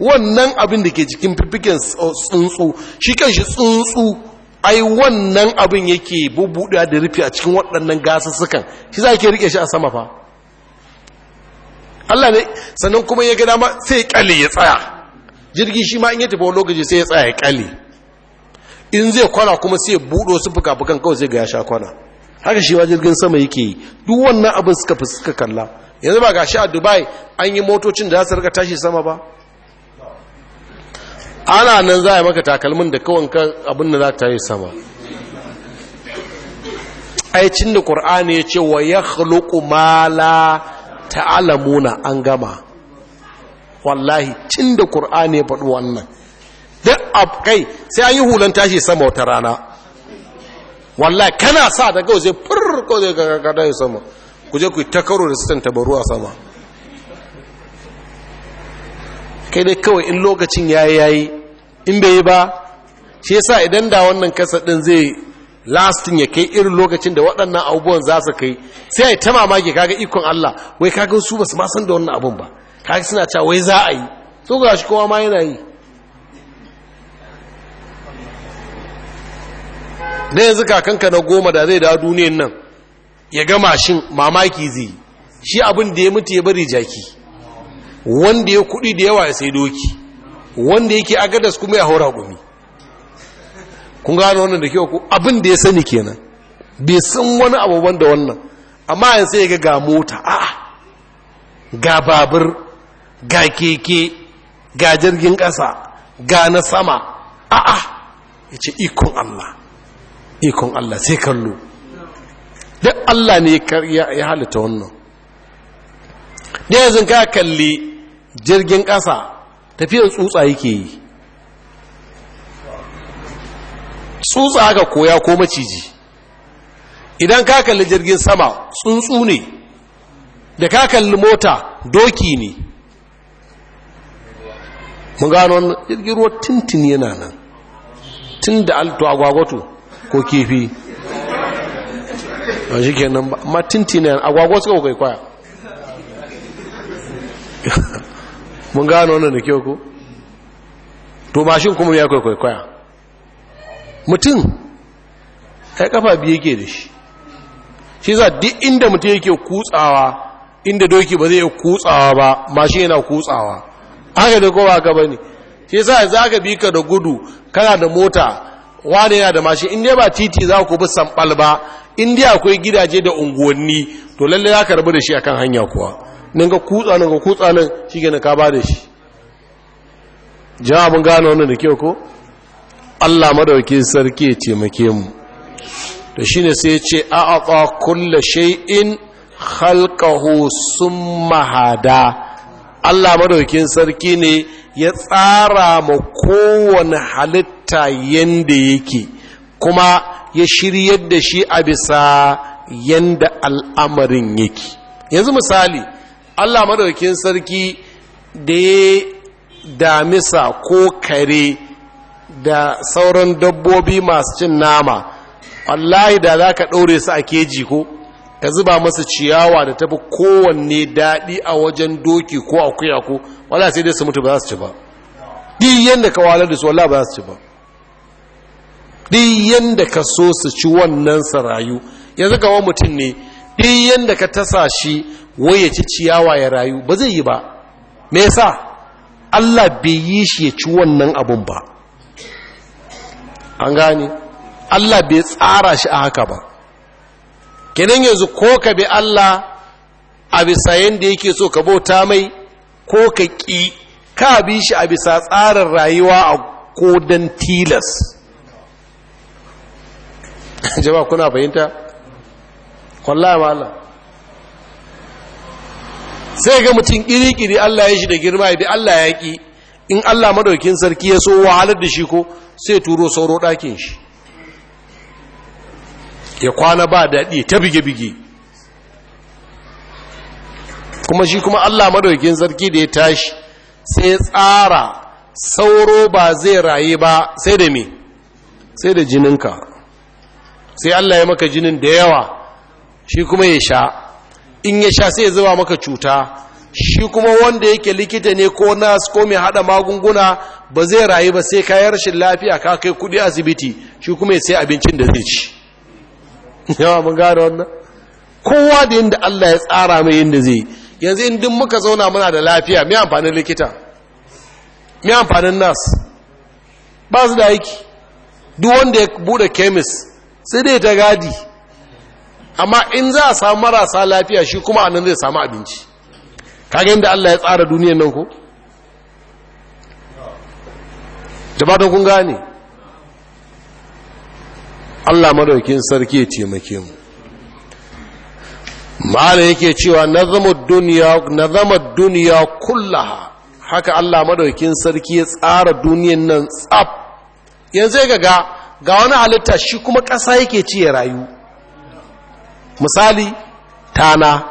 wannan abin da ke jikin fifikin tsuntsu shi kan shi tsuntsu ai wannan abin yake bubuɗa da rufi a cikin waɗannan gasussukan shi za ke rike shi a sama fa Allah ne sannan kuma ya gada ma sai ya ya tsaya jirgi shi ma in yi tafi lokaci sai ya tsaya ya ƙali. in zai kwana kuma sai ya buɗo su fuka-fukan kawai sai ga ya sha kwana haka shi ma jirgin sama yake yi duk wannan abin suka fi suka kalla yanzu ba ga shi a dubai an yi motocin da za su rika tashi sama ba ana nan za a maka takalmin da kawon kan abin da za ta yi sama aicin da ƙur'ani ya ce wa ya khluqu ma la an gama wallahi cin da ƙur'ani ya faɗi wannan duk abkai sai an yi hulan tashi sama wata rana wallahi kana sa da kawai zai furr ko zai gagagada ya sama ku je ku yi takaro da sitan tabaru a sama kai dai kawai in lokacin ya yi in bai yi ba shi yasa idan da wannan kasa zai lastin ya kai irin lokacin da waɗannan abubuwan za su kai sai ai ta mamaki kaga ikon Allah wai kaga su ba su ma san da wannan abun ba kaga suna cewa wai za a yi so ga shi kowa ma yana yi da yanzu kakanka na goma da zai dawo duniyan nan ya ga mashin mamaki zai yi shi abin da ya mutu ya bari jaki wanda ya kuɗi da yawa ya sai doki wanda yake agadas kuma ya haura gumi kun gano wannan da kyau abin da ya sani kenan bai san wani abubuwan da wannan amma yanzu sai ga ga mota a ga babur ga keke ga jirgin ƙasa ga na sama a a ya ce ikon Allah ikon Allah sai kallo duk Allah ne ya halitta wannan ɗaya zin ka kalli jirgin ƙasa tafiyar tsutsa yake yi tsutsa aka koya ko maciji idan ka kalli jirgin sama tsuntsu ne da ka kalli mota doki ne mun gano jirgin ruwa tintin yana nan tun da alto agwagwato ko kifi a shi kenan ba amma tintin yana agwagwato ko kwaya. mun gano wannan da kyau ko to mashin kuma ya kwaikwaya. mutum ya kafa biye ke da shi shi za duk inda mutum yake kutsawa inda doki ba zai yi kutsawa ba mashin yana kutsawa aka da kowa ka bane shi za za ka bi ka da gudu kana da mota wani yana da mashin inda ba titi za ku bi sambal ba inda akwai gidaje da unguwanni to lalle za ka rabu da shi akan hanya kuwa nan ga kutsa nan ga kutsa nan shi gina ka ba da shi jama'a mun gane wannan da kyau ko allah madauki sarki ya taimake mu da shi ne sai ce a aƙa kulle shay'in halkahu sun mahada allah madaukin sarki ne ya tsara ma kowane halitta yadda yake kuma ya shiryar da shi a bisa yadda al'amarin yake yanzu misali Allah madaukin sarki da ya damisa ko kare da sauran dabbobi masu cin nama wallahi da za ka ɗaure su a keji ko ka zuba masa ciyawa da tafi kowanne daɗi a wajen doki ko akuya ko wala sai dai su mutu ba za su ci ba ɗin yadda ka walar da su wala ba za su ci ba ɗin yadda ka so su ci wannan sarayu yanzu kama mutum ne duk yadda ka tasa shi wai ya ci ciyawa ya rayu ba zai yi ba me yasa Allah bai yi shi ya ci wannan abun ba an gane Allah bai tsara shi a haka ba kenan yanzu ko ka bi Allah a bisa yadda yake so ka bauta mai ko ka ƙi ka bi shi a bisa tsarin rayuwa a kodan tilas jama'a kuna fahimta wallahi malam sai ga mutum kirikiri Allah ya shi da girma ya bi Allah ya ki in Allah madaukin sarki ya so wahalar da shi ko sai turo sauro ɗakin shi ya kwana ba daɗi ta bige-bige kuma shi kuma Allah madaukin sarki da ya tashi sai ya tsara sauro ba zai raye ba sai da me sai da jininka sai Allah ya maka jinin da yawa shi kuma ya sha in ya sha sai ya zuba maka cuta shi kuma wanda yake likita ne ko nas ko mai hada magunguna ba zai rayu ba sai kayan rashin lafiya ka kai kudi asibiti shi kuma ya sai abincin da zai ci yawa mun gane wannan kowa da yadda Allah ya tsara mai yadda zai yanzu in duk muka zauna muna da lafiya mai amfanin likita mai amfanin nas ba su da aiki duk wanda ya bude kemis sai dai ta gadi amma in za a samu marasa lafiya shi kuma a nan zai samu abinci kaga da Allah ya tsara duniyan nan ko jabatan kun gane Allah madaukin sarki ya taimake mu ma'ana yake cewa na duniya duniya kullaha haka Allah madaukin sarki ya tsara duniyan nan tsaf yanzu ya gaga ga wani halitta shi kuma ƙasa yake ci ya rayu misali tana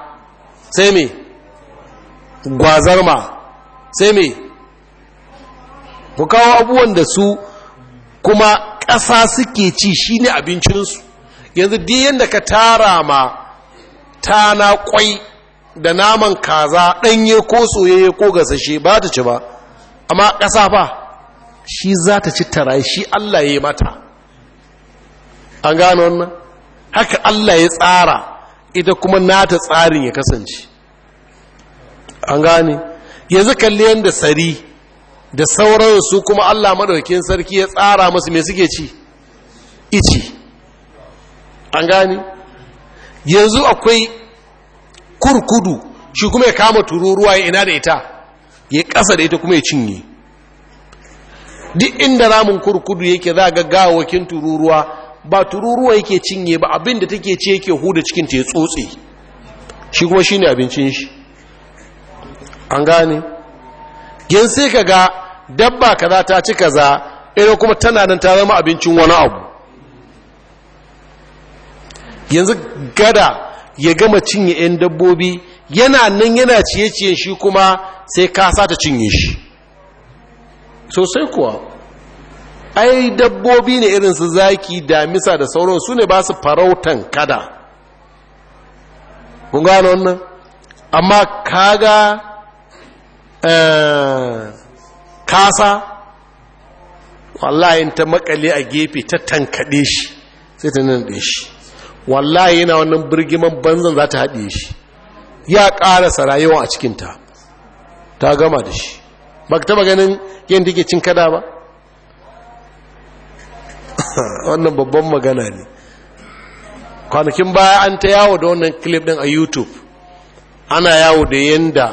sai me gwazarma sai me ku kawo abubuwan da su kuma ƙasa suke ci shi ne abincinsu yanzu diyan da ka tara ma tana kwai da naman kaza ɗanye ko soyayye ko gasashe ba ta ci ba amma ƙasa ba shi za ta ci tara shi Allah ya mata an gano wannan haka Allah ya tsara ita kuma nata tsarin ya kasance an gane yanzu kalli yadda sari da sauransu kuma Allah madaukakin sarki ya tsara masu mai suke ci ici an gane yanzu akwai kurkudu shi kuma ya kama tururuwa ya ina da ita ya ƙasa da ita kuma ya cinye duk inda ramin kurkudu yake za ga gawakin tururuwa ba tururuwa yake cinye ba abin da take ce yake huda cikin ta ya tsotse shi kuma shi ne abincin shi an gane yan sai ka ga dabba kaza ta ci kaza ina kuma tana nan ta zama abincin wani abu yanzu gada ya gama cinye 'yan dabbobi yana nan yana ciye-ciyen shi kuma sai ka sata cinye shi sosai kuwa ai dabbobi ne irin su zaki damisa da sauran su ne ba su farautan kada kun gano wannan amma kaga eh, kasa wallahi ta makale a gefe ta tankade shi sai ta nan shi wallahi yana wannan birgiman banzan za ta haɗe shi ya ƙarasa rayuwa a cikinta ta gama da shi ba ka taɓa ganin yadda ke cin kada ba wannan babban magana ne kwanakin baya an ta yawo da wannan clip din a youtube ana yawo da yanda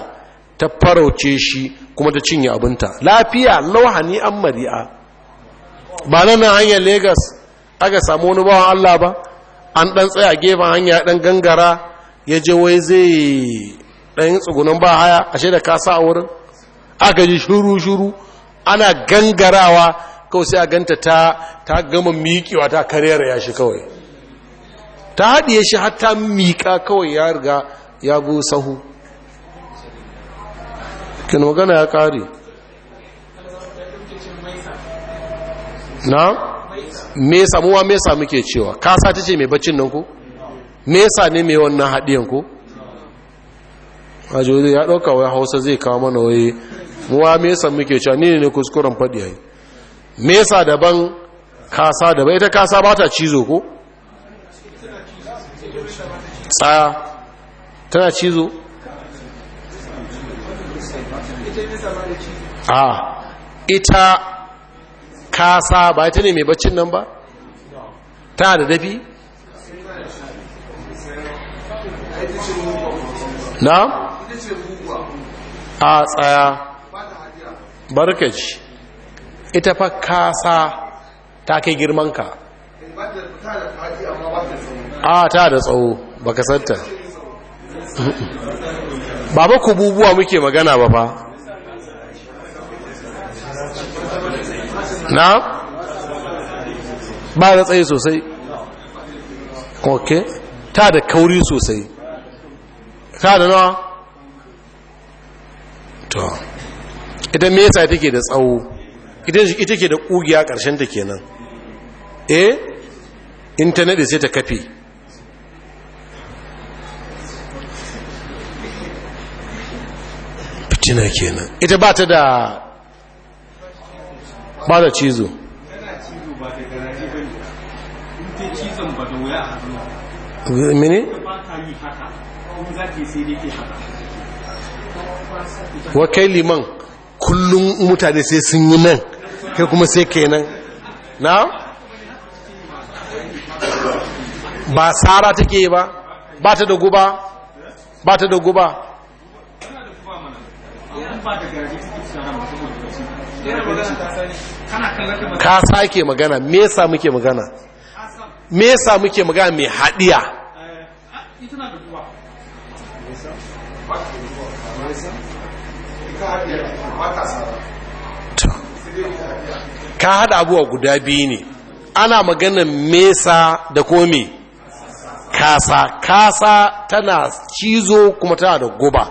ta farauce shi kuma ta cinye abinta lafiya lauhani an mari'a ba nan hanyar lagos aka samu wani bawan allah ba an dan a gefen hanya dan gangara ya je wai zai dan tsugunan ba haya ashe da kasa a wurin aka ji shuru shuru ana gangarawa kawai sai a ganta ta ta gama miƙewa ta karyar ya shi kawai ta haɗiye shi hatta miƙa kawai ya riga ya bu sahu kin magana ya ƙare na mesa muwa mesa muke cewa kasa ta ce mai baccin nan ko mesa ne mai wannan haɗiyan ku a ya ɗauka wai hausa zai kawo mana wai muwa mesa muke cewa ne ne kuskuren faɗi yayi mesa daban kasa daban ita kasa ba ta cizo ko tsaya tana cizo ita kasa ba ita ne mai baccin nan ba tana da dafi na a tsaya barkaci ita fa kasa ta kai girmanka a ta da tsawo ba baka santa Ba ku bubuwa muke magana ba fa na ba da tsaye sosai ok ta da kauri sosai ta da nawa to ita me yasa take da tsawo ita ke da kugiya ƙarshen ta kenan eh intanet sai ta kafe fitina kenan ita ba ta da ba da cizo mini? wakai kai liman kullum mutane sai sun yi nan kai kuma sai kenan na ba tsara take ba ba ta da guba ba ta da guba ka sake magana me yasa muke magana me yasa muke magana mai hadiya ita na da ka haɗa abuwa guda biyu ne ana maganan mesa da komi kasa kasa tana cizo kuma tana da guba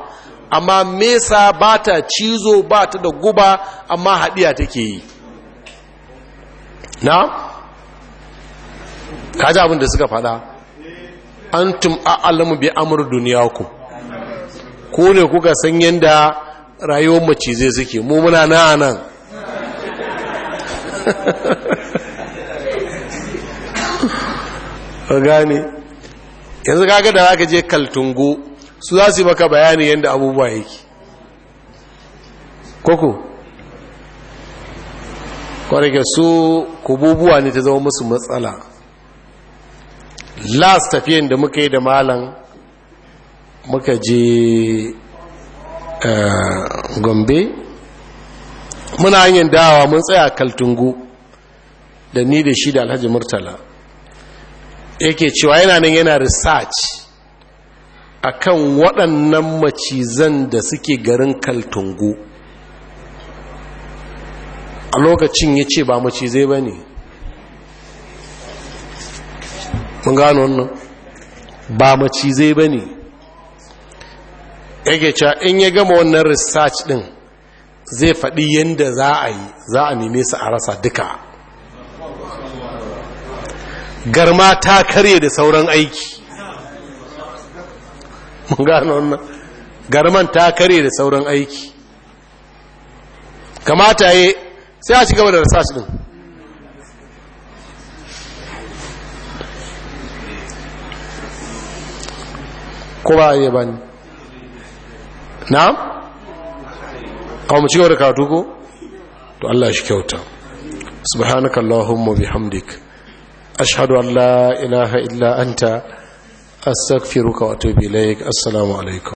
amma mesa ba ta cizo ba ta da guba amma haɗiya take yi na? kaji abin da suka faɗa an tum a'alamu bi amur duniya ku ko ne kuka san yadda rayuwar macizai suke mu muna na nan gane yanzu kaga da zaka je kaltungo su za su maka bayani yadda abubuwa yake koko kwanake su kububuwa ne ta zama musu matsala last tafiyan da muka yi da malam muka je eh, gombe muna hanyar dawa mun tsaya kaltungu da ni da shi da alhaji murtala yake cewa yana nan yana research akan waɗannan macizan da suke garin kaltungu a lokacin ya ce ba macizai ba ne mun gano wannan ba macizai ba ne yake cewa in ya gama wannan research ɗin zai faɗi yadda za a yi za a neme su a rasa duka garma ta karye da sauran aiki mun gano wannan garman ta karye da sauran aiki kamata yi sai a ci gaba da rasa shi ko ba ya bani na'am kawo mu cigaba da karatu ko to Allah shi kyauta subhanaka allahumma bihamdik ashhadu an la ilaha illa anta astaghfiruka wa atubu ilaik assalamu alaikum